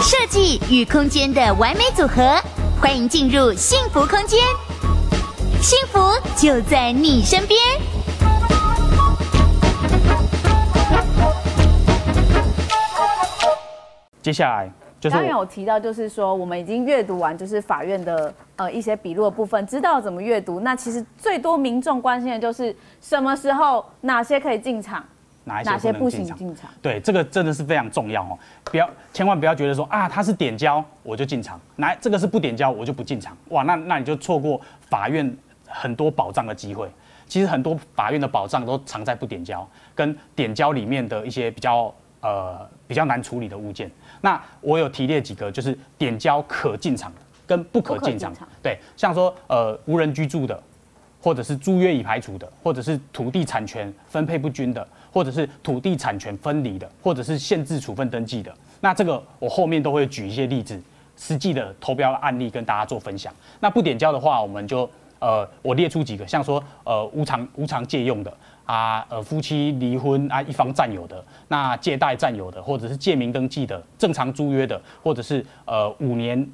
設計與空間的完美組合，歡迎進入幸福空間，幸福就在你身邊。接下來。剛剛有提到，就是說我們已經閱讀完，就是法院的呃一些筆錄的部分，知道怎麼閱讀。那其實最多民眾關心的就是什麼時候哪些可以進場，哪些不能進場，哪些不行進場。對，這個真的是非常重要哦，不要千萬不要覺得說啊，它是點交我就進場，來這個是不點交我就不進場，哇，那那你就錯過法院很多保障的機會。其實很多法院的保障都藏在不點交跟點交裡面的一些比較。呃，比較難處理的物件，那我有提列幾個，就是點交可進場跟不可進場。對，像說呃無人居住的，或者是租約已排除的，或者是土地產權分配不均的，或者是土地產權分離的，或者是限制處分登記的。那這個我後面都會舉一些例子，實際的投標的案例跟大家做分享。那不點交的話，我們就呃我列出幾個，像說呃無償無償借用的。啊，呃，夫妻離婚啊，一方占有的，那借貸占有的，或者是借名登記的，正常租約的，或者是呃五年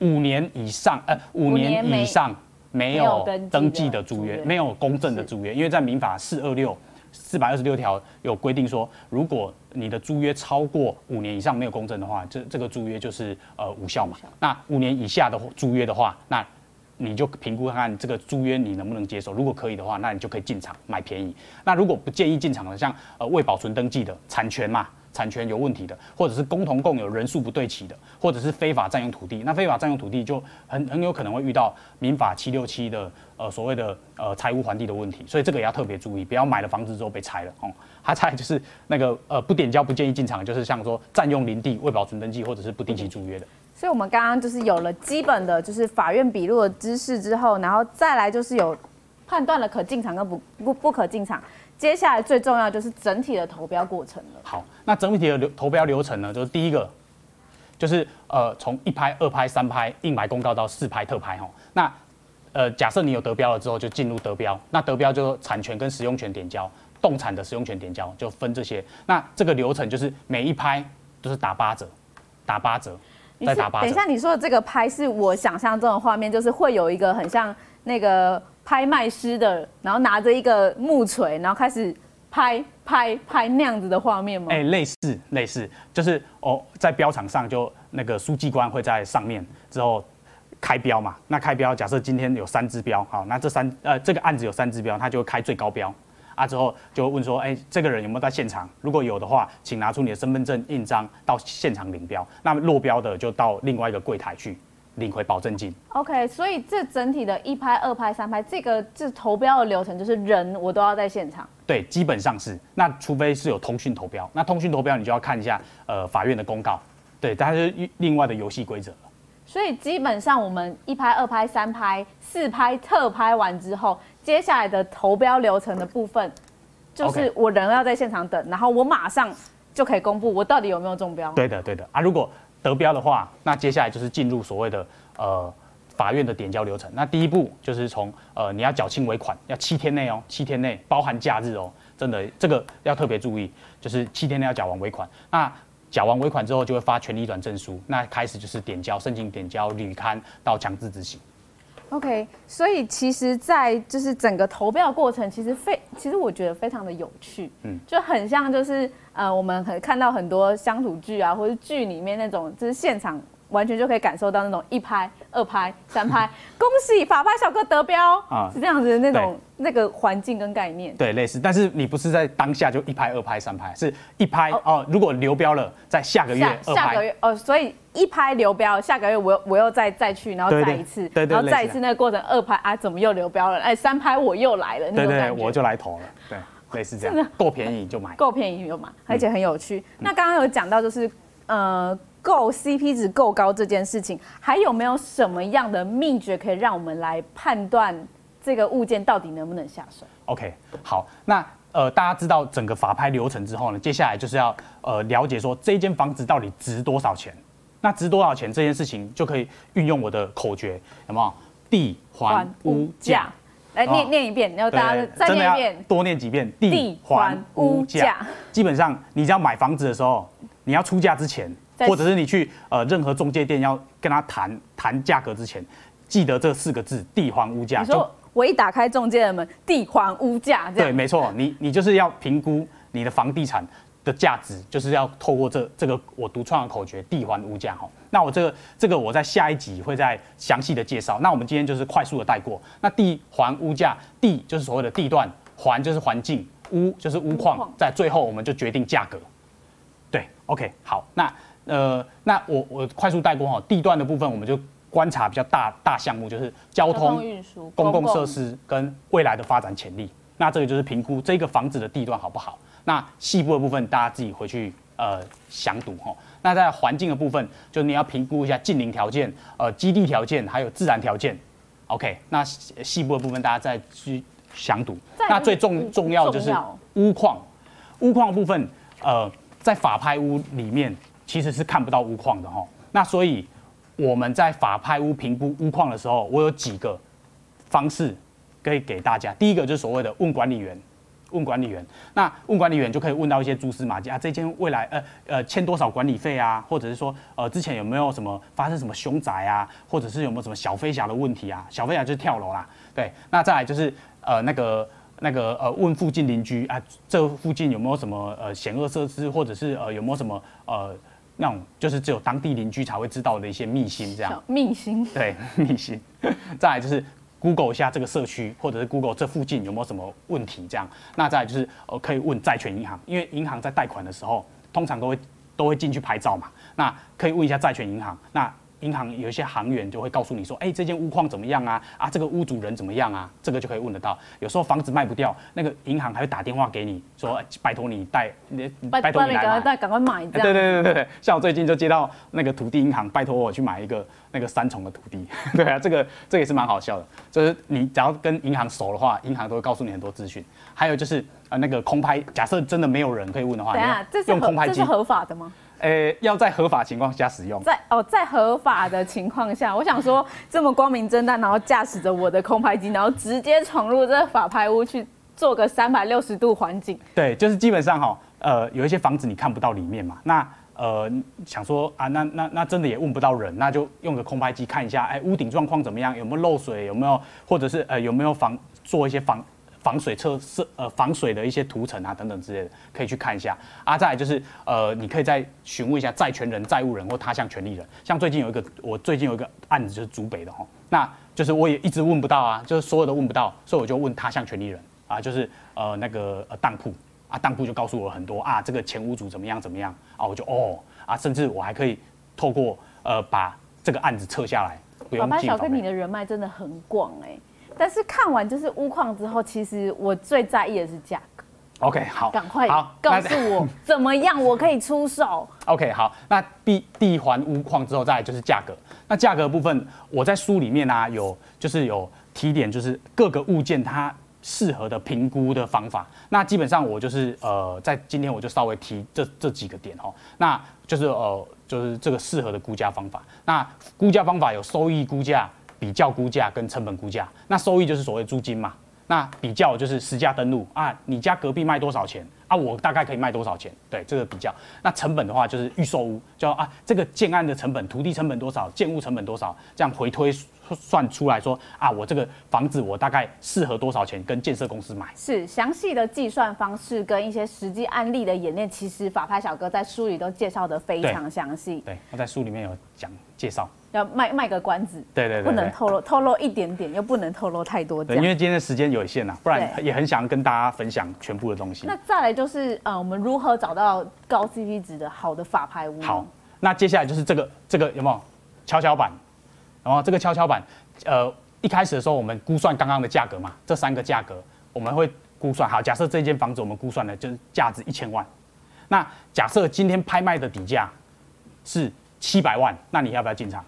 五年以上呃五年以上沒有登記的租約，沒，沒有公證的租約，租約是，因為在民法四二六四百二十六條有規定說，如果你的租約超過五年以上沒有公證的話，這這個租約就是呃無效嘛。那五年以下的租約的話，那你就評估看看這個租約你能不能接受，如果可以的話，那你就可以進場買便宜。那如果不建議進場的，像呃未保存登記的產權嘛，產權有問題的，或者是公同共有人數不對齊的，或者是非法佔用土地，那非法佔用土地就很很有可能會遇到民法七六七的呃所謂的呃財務還地的問題，所以這個也要特別注意，不要買了房子之後被拆了哦。還拆就是那個呃不點交不建議進場，就是像說佔用林地未保存登記，或者是不定期租約的。所以，我們剛剛就是有了基本的，就是法院筆錄的知識之後，然後再來就是有判斷了可進場跟不不不可進場。接下來最重要就是整體的投標過程了。好，那整體的流投標流程呢，就是第一個就是呃，從一拍、二拍、三拍、應買公告到四拍、特拍哈、喔。那呃，假設你有得標了之後，就進入得標。那得標就是產權跟使用權點交，動產的使用權點交就分這些。那這個流程就是每一拍都是打八折，打八折。是，等一下，你說的這個拍是我想象中的畫面，就是會有一個很像那個拍賣師的，然後拿着一個木錘，然後開始拍拍拍那樣子的畫面嗎？哎，類似類似，就是哦，在標場上就那個書記官會在上面之後開標嘛。那開標，假設今天有三支標，好，那這三呃這個案子有三支標，他就會開最高標。啊，之後就問說，哎、欸，這個人有沒有在現場？如果有的話，請拿出你的身份證、印章到現場領標。那落標的就到另外一個櫃檯去領回保證金。OK，所以這整體的一拍、二拍、三拍，這個這投標的流程就是人我都要在現場。對，基本上是。那除非是有通訊投標，那通訊投標你就要看一下呃法院的公告，對，但是另外的遊戲規則。所以基本上我們一拍、二拍、三拍、四拍、特拍完之後，接下來的投標流程的部分，就是我人要在現場等，Okay 然後我馬上就可以公布我到底有沒有中標。對的，對的啊，如果得標的話，那接下來就是進入所謂的呃法院的點交流程。那第一步就是從呃你要繳清尾款，要七天內哦，七天內包含假日哦，真的這個要特別注意，就是七天內要繳完尾款。那繳完尾款之後就會發權利轉證書，那開始就是點交、申請點交、履勘到強制執行。OK，所以其實，在就是整個投標的過程，其實非，其實我覺得非常的有趣，嗯，就很像就是呃，我們很看到很多鄉土劇啊，或是劇裡面那種，就是現場。完全就可以感受到那種一拍、二拍、三拍，恭喜法拍小哥得標啊！是這樣子的那種那個環境跟概念。對，類似，但是你不是在當下就一拍、二拍、三拍，是一拍哦。如果流標了，在下個月。下個月哦，所以一拍流標，下個月我我又再再去，然後再一次，然後再一次那個過程二拍啊，怎麼又流標了？哎，三拍我又來了那種感覺，我就來投了，對，類似這樣。夠便宜就買，夠便宜就買，而且很有趣。那剛剛有講到就是呃。夠 CP 值夠高這件事情，還有沒有什麼樣的秘訣可以讓我們來判斷這個物件到底能不能下手？OK，好，那呃大家知道整個法拍流程之後呢，接下來就是要呃了解說這間房子到底值多少錢。那值多少錢這件事情，就可以運用我的口訣，有沒有？地環屋價，來念有沒有？念一遍，然後大家再念一遍，多念幾遍。地環屋價，價基本上你只要買房子的時候，你要出價之前。或者是你去呃任何中介店要跟他談談價格之前，記得這四個字：地環屋價。你說就我一打開中介的門，地環屋價。對，沒錯，你你就是要評估你的房地產的價值，就是要透過這這個我獨創的口訣：地環屋價。好，那我這個這個我在下一集會再詳細的介紹。那我們今天就是快速的帶過。那地環屋價，地就是所謂的地段，環就是環境，屋就是屋況，屋況在最後我們就決定價格。對，OK，好，那。呃，那我我快速帶過哈，地段的部分我們就觀察比較大大項目，就是交通、運輸、公共設施共跟未來的發展潛力。那這個就是評估這個房子的地段好不好。那細部的部分大家自己回去呃詳讀哈。那在環境的部分，就你要評估一下近鄰條件、呃基地條件還有自然條件。OK，那細部的部分大家再去詳讀。於那最重重要就是屋況，哦、屋況部分呃在法拍屋裡面。其實是看不到屋況的。那所以我們在法拍屋評估屋況的時候，我有幾個方式可以給大家。第一個就是所謂的問管理員，問管理員，那問管理員就可以問到一些蛛絲馬跡啊，這間未來呃呃欠多少管理費啊，或者是說呃之前有沒有什麼發生什麼凶宅啊，或者是有沒有什麼小飛俠的問題啊？小飛俠就是跳樓啦，對。那再來就是呃那個那個呃問附近鄰居啊、呃，這附近有沒有什麼呃嫌惡設施，或者是呃有沒有什麼呃。那種就是只有當地鄰居才會知道的一些秘辛，這樣秘辛。對秘辛。再來就是 Google 一下這個社區，或者是 Google 這附近有沒有什麼問題，這樣。那再來就是呃，可以問債權銀行，因為銀行在貸款的時候通常都會都會進去拍照嘛。那可以問一下債權銀行。那銀行有一些行員就會告訴你說，哎、欸，這間屋況怎麼樣啊？啊，這個屋主人怎麼樣啊？這個就可以問得到。有時候房子賣不掉，那個銀行還會打電話給你說，拜托你帶，你拜托你趕快帶趕快買。對對對對對，像我最近就接到那個土地銀行，拜托我去買一個那個三重的土地。 對啊，這個這個、也是蠻好笑的，就是你只要跟銀行熟的話，銀行都會告訴你很多資訊。還有就是，呃，那個空拍，假設真的沒有人可以問的話，等下、啊、這，用空拍機，這是合法的嗎？誒、欸，要在合法情況下使用。在哦，在合法的情況下，我想說，這麼光明正大，然後駕駛着我的空拍機，然後直接闖入這法拍屋去做個三百六十度環境環景。對，就是基本上哈，呃，有一些房子你看不到裡面嘛，那呃，想說啊，那那那真的也問不到人，那就用個空拍機看一下，哎、欸，屋頂狀況怎麼樣？有沒有漏水，有沒有，或者是呃有沒有防做一些防。防水測試呃、防水的一些塗層啊等等之類的，可以去看一下啊。再來就是呃，你可以再詢問一下債權人、債務人或他項權利人。像最近有一個，我最近有一個案子就是竹北的哦。那就是我也一直問不到啊，就是所有的問不到，所以我就問他項權利人啊，就是呃那個呃當鋪啊，當鋪就告訴我很多啊，這個前屋主怎麼樣怎麼樣啊，我就哦啊，甚至我還可以透過呃把這個案子撤下來。法拍小哥，你的人脈真的很廣哎、欸。但是看完就是屋況之後，其實我最在意的是價格。OK，好，趕快告訴我怎麼樣，我可以出手。好 OK，好，那第第一環屋況之後，再來就是價格。那價格的部分，我在書裡面呢、啊、有就是有提點，就是各個物件它適合的評估的方法。那基本上我就是呃，在今天我就稍微提這這幾個點哦、喔。那就是呃，就是這個適合的估價方法。那估價方法有收益估價，比較估價跟成本估價，那收益就是所謂租金嘛。那比較就是實價登錄啊，你家隔壁賣多少錢啊，我大概可以賣多少錢？對，這個比較。那成本的話就是預售屋就啊，這個建案的成本、土地成本多少、建物成本多少，這樣回推。算出來說啊，我這個房子我大概適合多少錢？跟建設公司買。是詳細的計算方式跟一些實際案例的演練，其實法拍小哥在書裡都介紹得非常詳細。對，他在書裡面有講介紹。要賣賣個關子。對對、對、對不能透露，透露一點點，又不能透露太多。對，因為今天的時間有限啊，不然也很想跟大家分享全部的東西。那再來就是呃，我們如何找到高 CP 值的好的法拍屋？好，那接下來就是這個這個有沒有蹺蹺板？然後這個蹺蹺板，呃，一開始的時候我們估算剛剛的價格嘛，這三個價格我們會估算好。假設這間房子我們估算的就是價值一千萬，那假設今天拍賣的底價是七百萬，那你要不要進場？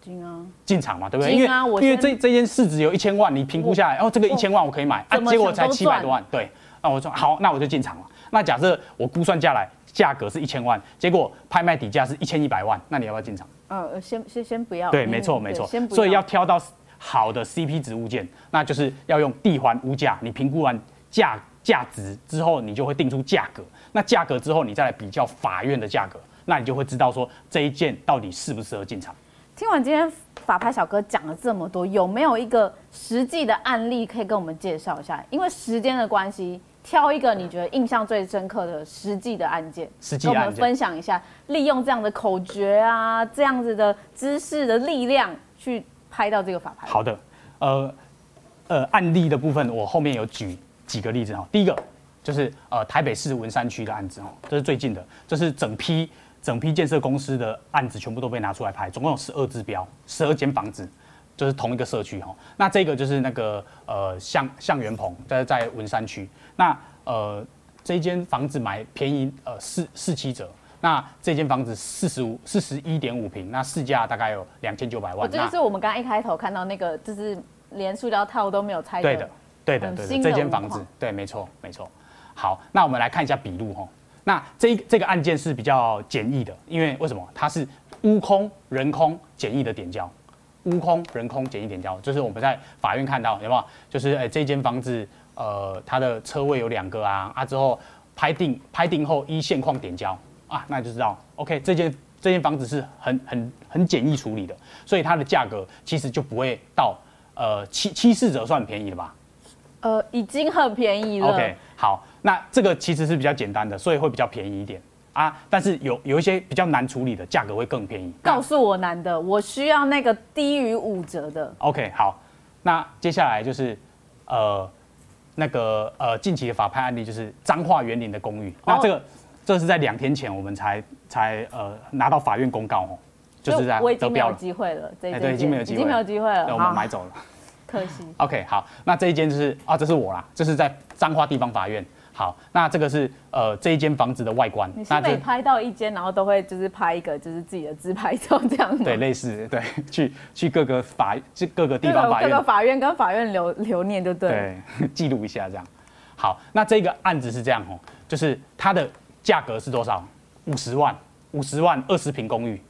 進啊！進場嘛，對不對？啊、因為因為這我這間市值有一千萬，你評估下來，哦，這個一千萬我可以買啊，結果我才七百多萬，對。那我說好，那我就進場了。那假設我估算下來價格是一千萬，結果拍賣底價是一千一百萬，那你要不要進場？呃、嗯，先先先不要。對、嗯沒，沒錯沒錯。先不，所以要挑到好的 CP 值物件，那就是要用地環物價。你評估完價價值之後，你就會定出價格。那價格之後，你再來比較法院的價格，那你就會知道說，這一件到底適不適合進場。聽完今天法拍小哥講了這麼多，有沒有一個實際的案例可以跟我們介紹一下？因為時間的關係。挑一個你覺得印象最深刻的實際的案件，跟我們分享一下，利用這樣的口訣啊，這樣子的知識的力量去拍到這個法拍。好的，呃，呃，案例的部分我後面有舉幾個例子哈。第一個就是呃台北市文山區的案子哦，這是最近的，這、就是整批整批建設公司的案子全部都被拿出來拍，總共有十二支標，十二間房子。就是同一個社區哈，那這個就是那個呃向向元鵬，這是在文山區。那呃這間房子買便宜呃四四七折，那這間房子四十五四十一點五平，那市價大概有兩千九百萬。我這就是那我們剛剛一開頭看到那個，就是連塑膠套都沒有拆的，對的，對的，這間房子，對，沒錯，沒錯。好，那我們來看一下筆錄哈。那這這個案件是比較簡易的，因為為什麼？它是屋空人空，簡易的點交。屋空人空簡易點交，就是我們在法院看到有沒有？就是誒、欸，這間房子，呃，它的車位有兩個啊啊，之後拍定拍定後依現況點交啊，那就知道 OK，這間這間房子是很很很簡易處理的，所以它的價格其實就不會到呃七七四折算便宜了吧？呃，已經很便宜了。OK，好，那這個其實是比較簡單的，所以會比較便宜一點。啊，但是有有一些比較難處理的，價格會更便宜。告訴我難的，我需要那個低於五折的。OK，好，那接下來就是，呃，那個呃近期的法拍案例就是彰化員林的公寓。哦、那這個這是在兩天前我們才才呃拿到法院公告哦，就是在都標了。我已經沒有機會了，這一、欸、對已經沒有機會，已經沒有機會了對，我們買走了，好可惜。OK，好，那這一間就是啊，這是我啦，這是在彰化地方法院。好，那這個是呃這一間房子的外觀。你每次拍到一間，然後都會就是拍一個就是自己的自拍照這樣對，類似對，去去各個法，去各個地方法院。各個法院跟法院留留念就對了。對，記錄一下這樣。好，那這個案子是這樣哦、喔，就是它的價格是多少？五十萬，五十萬二十坪公寓，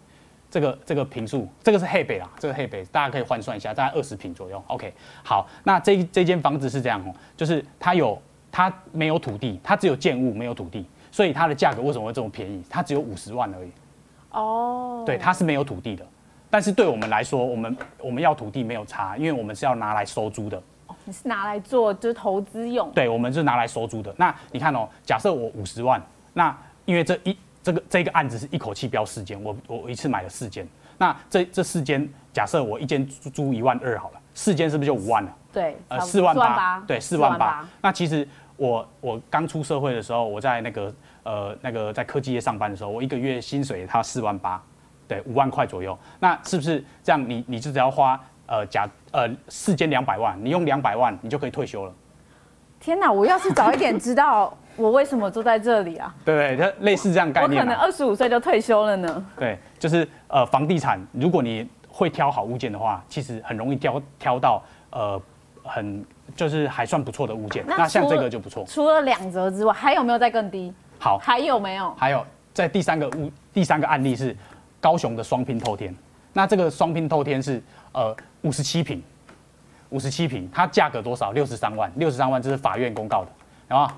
這個這個坪數，這個是黑北啊，這個黑北大家可以換算一下，大概二十坪左右。OK，好，那這這間房子是這樣哦、喔，就是它有。它沒有土地，它只有建物，沒有土地，所以它的價格為什麼會這麼便宜？它只有五十萬而已。哦，oh. 對，它是沒有土地的，但是對我們來說，我們我們要土地沒有差，因為我們是要拿來收租的。哦，oh, 你是拿來做就是投資用？對，我們就拿來收租的。那你看哦、喔，假設我五十萬，那因為這一這個這個案子是一口氣標四間，我我一次買了四間，那這這四間假設我一間租一萬二好了，四間是不是就五萬了？對，呃，四萬八，對，四萬八。那其實。我我剛出社會的時候，我在那個呃那個在科技業上班的時候，我一個月薪水他四萬八，對，五萬塊左右。那是不是這樣你？你你就只要花呃假呃四千兩百萬，你用兩百萬，你就可以退休了。天哪！我要是早一點知道，我為什麼坐在這裡啊？對，它類似這樣概念啊，我我可能二十五歲就退休了呢。對，就是呃房地產，如果你會挑好物件的話，其實很容易挑挑到呃很。就是還算不錯的物件，那，那像這個就不錯。除了兩折之外，還有沒有再更低？好，還有沒有？還有，在第三個物、第三個案例是高雄的雙拼透天，那這個雙拼透天是呃五十七坪，五十七坪，它價格多少？六十三萬，六十三萬，這是法院公告的，然後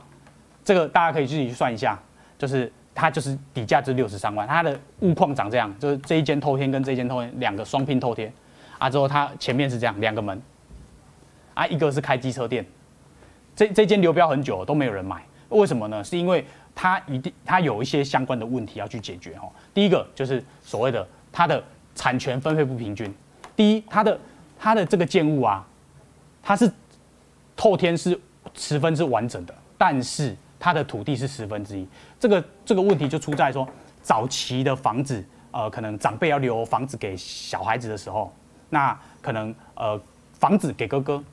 這個大家可以自己去算一下，就是它就是底價是六十三萬，它的物況長這樣，就是這一間透天跟這一間透天兩個雙拼透天啊，之後它前面是這樣兩個門。啊，一個是開機車店，這這間流標很久了，都沒有人買，為什麼呢？是因為他一定他有一些相關的問題要去解決哦。第一個就是所謂的他的產權分配不平均，第一，他的他的這個建物啊，它是透天是十分之完整的，但是它的土地是十分之一，這個這個問題就出在說早期的房子，呃，可能長輩要留房子給小孩子的時候，那可能呃房子給哥哥。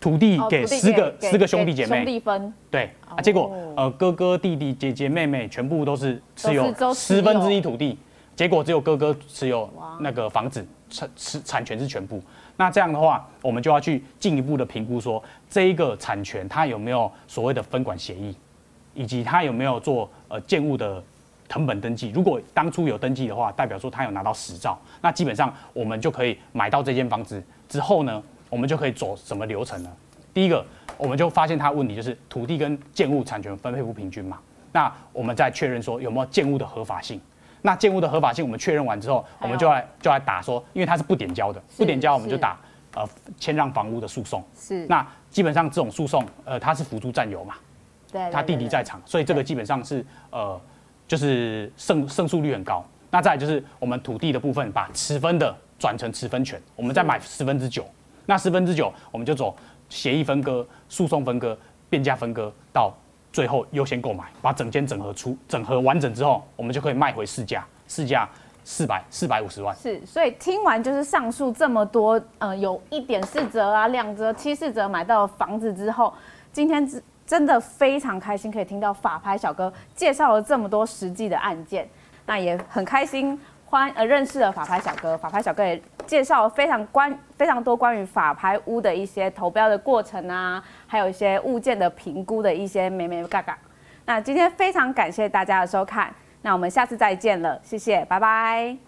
土地給十個、哦、十個兄弟姐妹兄弟分。對、哦、啊，結果呃哥哥弟弟姐姐妹妹全部都是持有十分之一土地，結果只有哥哥持有那個房子產產哇產權是全部。那這樣的話，我們就要去進一步的評估說，這一個產權它有沒有所謂的分管協議，以及它有沒有做呃建物的謄本登記。如果當初有登記的話，代表說他有拿到使照，那基本上我們就可以買到這間房子之後呢。我們就可以走什麼流程呢？第一個，我們就發現他問題就是土地跟建物產權分配不平均嘛。那我們再確認說有沒有建物的合法性。那建物的合法性我們確認完之後，有我們就來就來打說，因為他是不點交的，是不點交我們就打是呃遷讓房屋的訴訟。是。那基本上這種訴訟，呃，他是輔助佔有嘛，對他弟弟在場，所以這個基本上是對呃就是勝勝訴率很高。那再就是我們土地的部分，把持分的轉成持分權，我們再買十分之九。那十分之九，我們就走協議分割、訴訟分割、變價分割，到最後優先購買，把整間整合出整合完整之後，我們就可以賣回市價，市價四百四百五十萬。是，所以聽完就是上述這麼多，呃，有一點四折啊、兩折、七四折買到房子之後，今天真真的非常開心，可以聽到法拍小哥介紹了這麼多實際的案件，那也很開心。歡迎呃認識了法拍小哥，法拍小哥也介紹了非常關非常多關於法拍屋的一些投標的過程啊，還有一些物件的評估的一些眉眉角角。那今天非常感謝大家的收看，那我們下次再見了，謝謝，拜拜。